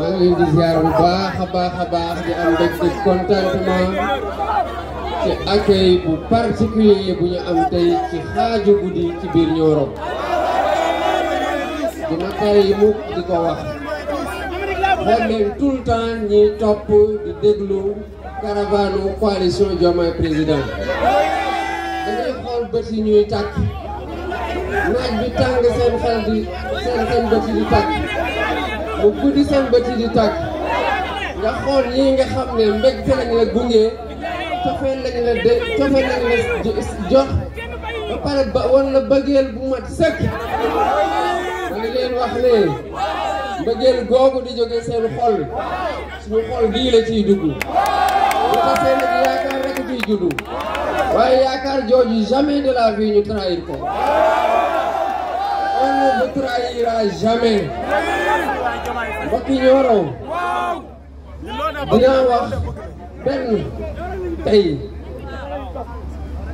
maa ngi di ziar bu baax a baax a baax di am mbégte contentement ci accueil bu particulier bu ñu am tey ci xaaju guddi ci biir Nioro dina tàyyi mukk di ko wax xool leen tout le temps ñiy topp di déglu caravane coalition Diomaye Président da ngay xool bët yi ñuy tàkk naaj bi tàng seen xel bët yi di bu guddi seen bët di tàkk nga xool lii nga xam ne mbégte lañ la gunge de cofeel lañ la jox ba pare ba wan la bëggeel bu mat sëkk ma leen wax ne mbëggeel googu di jóge seen xol suñu xol gii ciy dugg bu tasee yaakaar rek ciy juddu waaye yaakaar jooju jamais de la vie ñu trahir ko on ne vous trahira jamais mbokk yi Nioro dinaa wax benn tey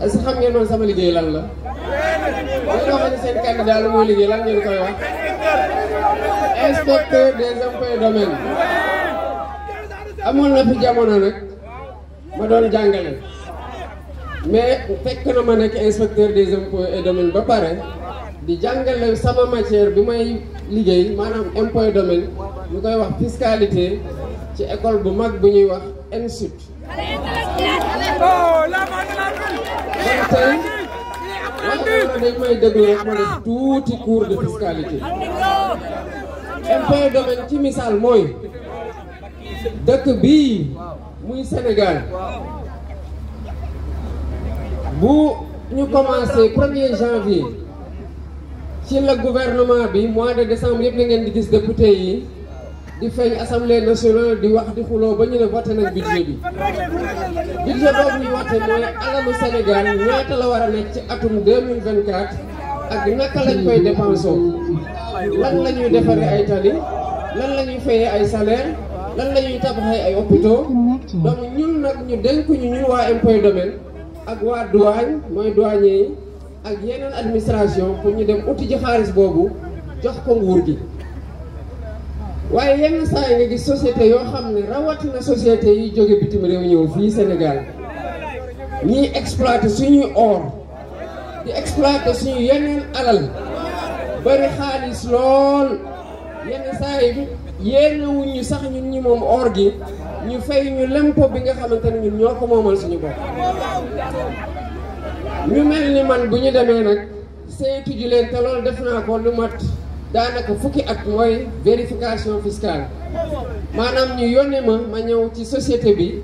est ce xam ngeen man sama liggéey lan la. boo waxee ne seen candidat la liggéey lan ngeen koy wax. inspecteur des impôts et domaines. amoon na fi jamono nag ma doon jàngale. mais fekk na ma nekk inspecteur des impôts et domaines ba pare. di jàngale sama matière bi may liggéey maanaam impôt et domaine ñu koy wax fiscalité ci école bu mag bu ñuy wax ENSUD. kon tey wax may déglu rek tuuti cours de fiscalité. impôt domaine ci misaal mooy dëkk bii muy Sénégal bu ñu commencé 1er janvier. ci la gouvernement bi mois de décembre yëpp la ngeen di gis député yi di feeñ assemblée nationale di wax di xuloo ba ñu ne voté nañ budget bi. budget boobu ñu voté mooy alalu Sénégal ñaata la war a nekk ci atum 2024 ak naka lañ koy dépensoo lan la ñuy defaree ay tali lan la ñuy fayee ay salaire lan la ñuy tabaxee ay hôpitaux donc ñun nag ñu dénk ñu ñun waa impôt domaine ak waa douane mooy douanier yi. ak yeneen administration pour ñu dem uti ci xaalis boobu jox ko nguur gi waaye yenn saa yi nga gis société yoo xam ne rawatina société yi jóge bitim réew ñëw fii Sénégal ñiy exploité suñuy or di exploité suñu yeneen alal bari xaalis lool yenn saa yi yéenewuñ ñu sax ñun ñi moom or gi ñu fay ñu lempo bi nga xamante ne ñun ñoo ko moomal suñu bopp ñu mel ni man bu ñu demee nag saytu ji leen te loolu def naa ko lu mat daanaka fukki ak mooy vérification fiscale maanaam ñu yónnee ma ma ñëw ci société bi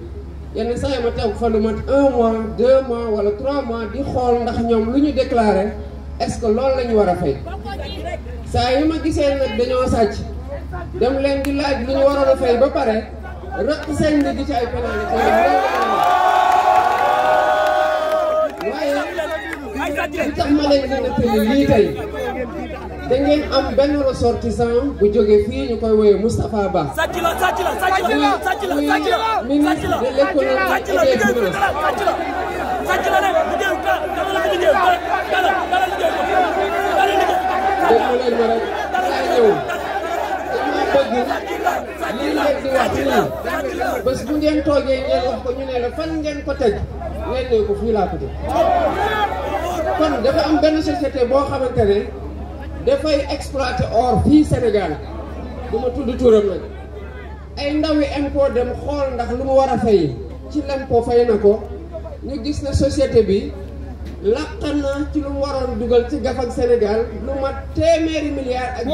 yenn saa yi ma taw fa lu mat un mois deux mois wala trois mois di xool ndax ñoom lu ñu déclaré est-ce que loolu la ñu war a fay saa yu ma gisee nag dañoo sàcc dem leen di laaj lu ñu waroon a fay ba pare rëq seen nit ci ay pénalité waaye li tax ma lay nettali lii tey da am benn ressortissant bu jógee fii ñu koy woowee Moustapha Ba. muy muy ministre de l'économie et des finances. déglu leen ma rek saa ñëw dama bëgg lii leen di wax nii bés bu ngeen toogee ngeen wax ko ñu ne la fan ngeen ko teg. ngay ko fii laa ko dégg kon dafa am benn société boo xamante ne dafay exploiter or fii Sénégal du ma tudd turam nag ay ndaw yi dem xool ndax lu mu war a fay ci l'impôt fay na ko ñu gis na société bi làqan na ci lu mu waroon dugal ci gafak Sénégal lu mat téeméeri milliards ak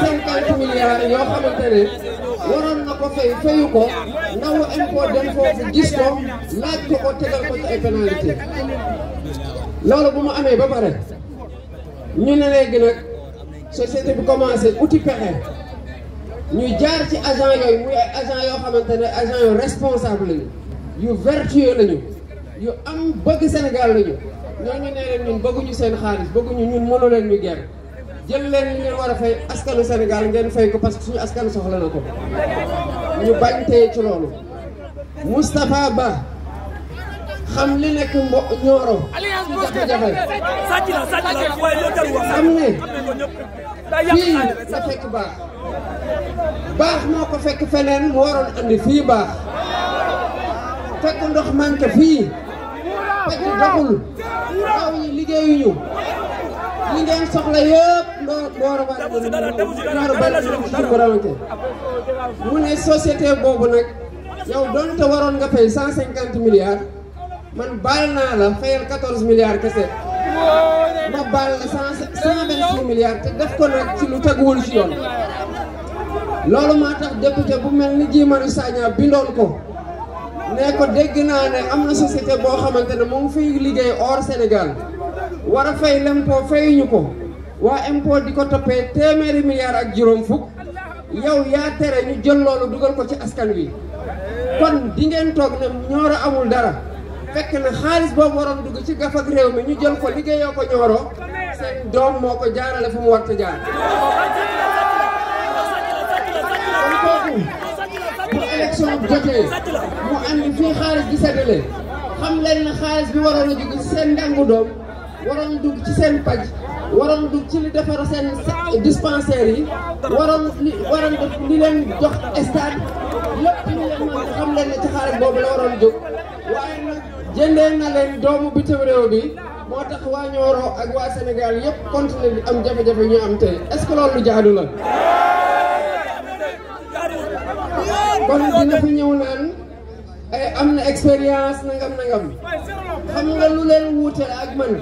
cent cinquante milliards yoo xamante ne waroon na ko fay fayu ko ndaw impôt dem foofu gis ko laaj ko ko tegal ko ci ay pénalité loolu bu mu amee ba pare ñu ne léegi nag société bi commencé uti pexe ñu jaar ci agent yooyu muy ay agent yoo xamante ne agent yu responsable lañu yu vertueux lañu yu am bëgg Sénégal lañu ñooñu nee leen ñun bëgguñu seen xaalis bëgguñu ñun mënu leen ñu ger jël leen li ngeen war a fay askanu Sénégal ngeen fay ko parce que suñu askan soxla na ko ñu bañ téye ci loolu Moustapha Ba xam li nekk mbo Nioro xam ne fii la fekk baax baax moo ko fekk feneen mu waroon andi fii baax fekk ndox manqué fii fekk doxul taw yi liggéeyuñu li ngeen soxla mu ne société boobu nag yow doonte waroon nga fay cent cinquante milliards man baal naa la fayal quatorze milliards kese ma baal la cent te def ko nag ci lu teguwul ci yoon loolu maa tax député bu mel ni Guy Marius Sagna bindoon ko ne ko dégg naa ne am na société boo xamante ne mu ngi fiy liggéey hors Sénégal war a fay l'impôt ko wa impôt di kota PT téeméeri milliards ak juróom fukk yow yaa tere ñu jël loolu dugal ko ci askan wi kon di ngeen toog ne amul dara fekk na xaalis boobu waroon dugg ci gafak réew mi ñu jël ko liggéeyoo ko ñooro seen doom moo ko jaarale fu mu war a jaar bu mu andi fii xaalis bi séddale xam leen ne xaalis bi waroon a dugg ci seen dugg ci paj waroon di ci li defar seen dispensaires yi waroon li waroon di li leen jox stade lépp ñu leen mën xam leen ne ci xaalis boobu la waroon jóg waaye jëndee na leen doomu bitim réew bi moo tax waa ak waa Sénégal yëpp continué di am jafe-jafe ñu am tey est-ce que loolu jaadu la kon dina fi ñëw naan ay am na expérience nangam nangam xam nga lu leen wuute ak man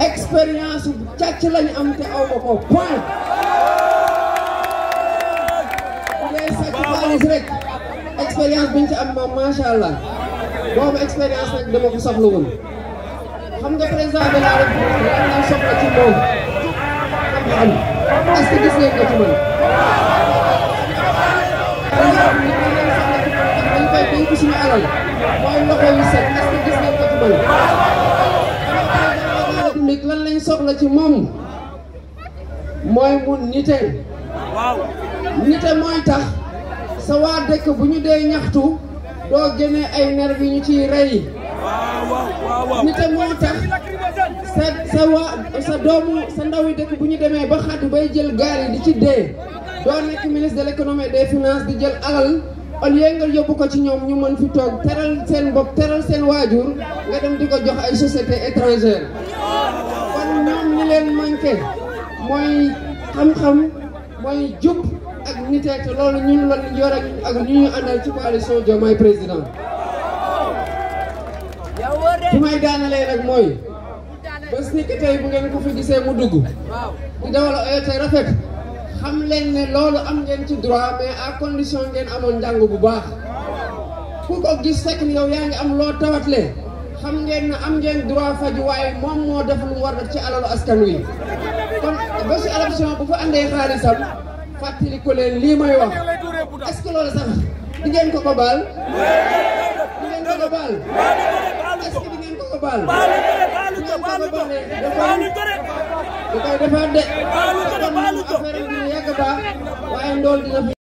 expérience bu càcc lañu am te aw ma ko point bu dee sacrifice rek expérience bi ñu ci am moom macha allah boobu expérience nag dama ko soxla woon xam nga président de la république lan la soxla ci moom xam-xam est ce que gis ngeen ko ci man. dañ koy dénk suñu alal mooy loxo yu set ñuy soxla ci moom mooy mu nite nite mooy tax sa waa dëkk bu ñu dee ñaxtu doo génne ay nerf yi ñu ci rey nite moo tax sa waa sa doomu sa ndawi dëkk bu ñu demee ba xatu bay jël gaal di ci dee doo nekk ministre de l'économie et des finances di jël alal au lieu yóbbu ko ci ñoom ñu mën fi toog teral seen bopp teral seen waajur nga dem di ko jox ay société étrangère ñoom ñi leen manqué mooy xam-xam te loolu ak ñu ñu àndal président. may daanalee nag mooy bés ni ki bu ngeen ko fi gisee mu dugg di dawal ay te rafet xam leen ne loolu am ngeen ci droit mais à condition ngeen amoon njàng bu baax ku ko gis fekk yow yaa ngi am loo tawatlee. xam ngeen ne am ngeen droit faju waaye moom moo def war def ci alalu askan wi kon ba si adoption bu fa andee xaalisam fàttali leen lii may wax est-ce que loolu sax di ko ko baal. di ko ko baal. est que di ngeen ko ko koy defaat de. kon affaire bi dina yàgg baax waaye ndool dina fi.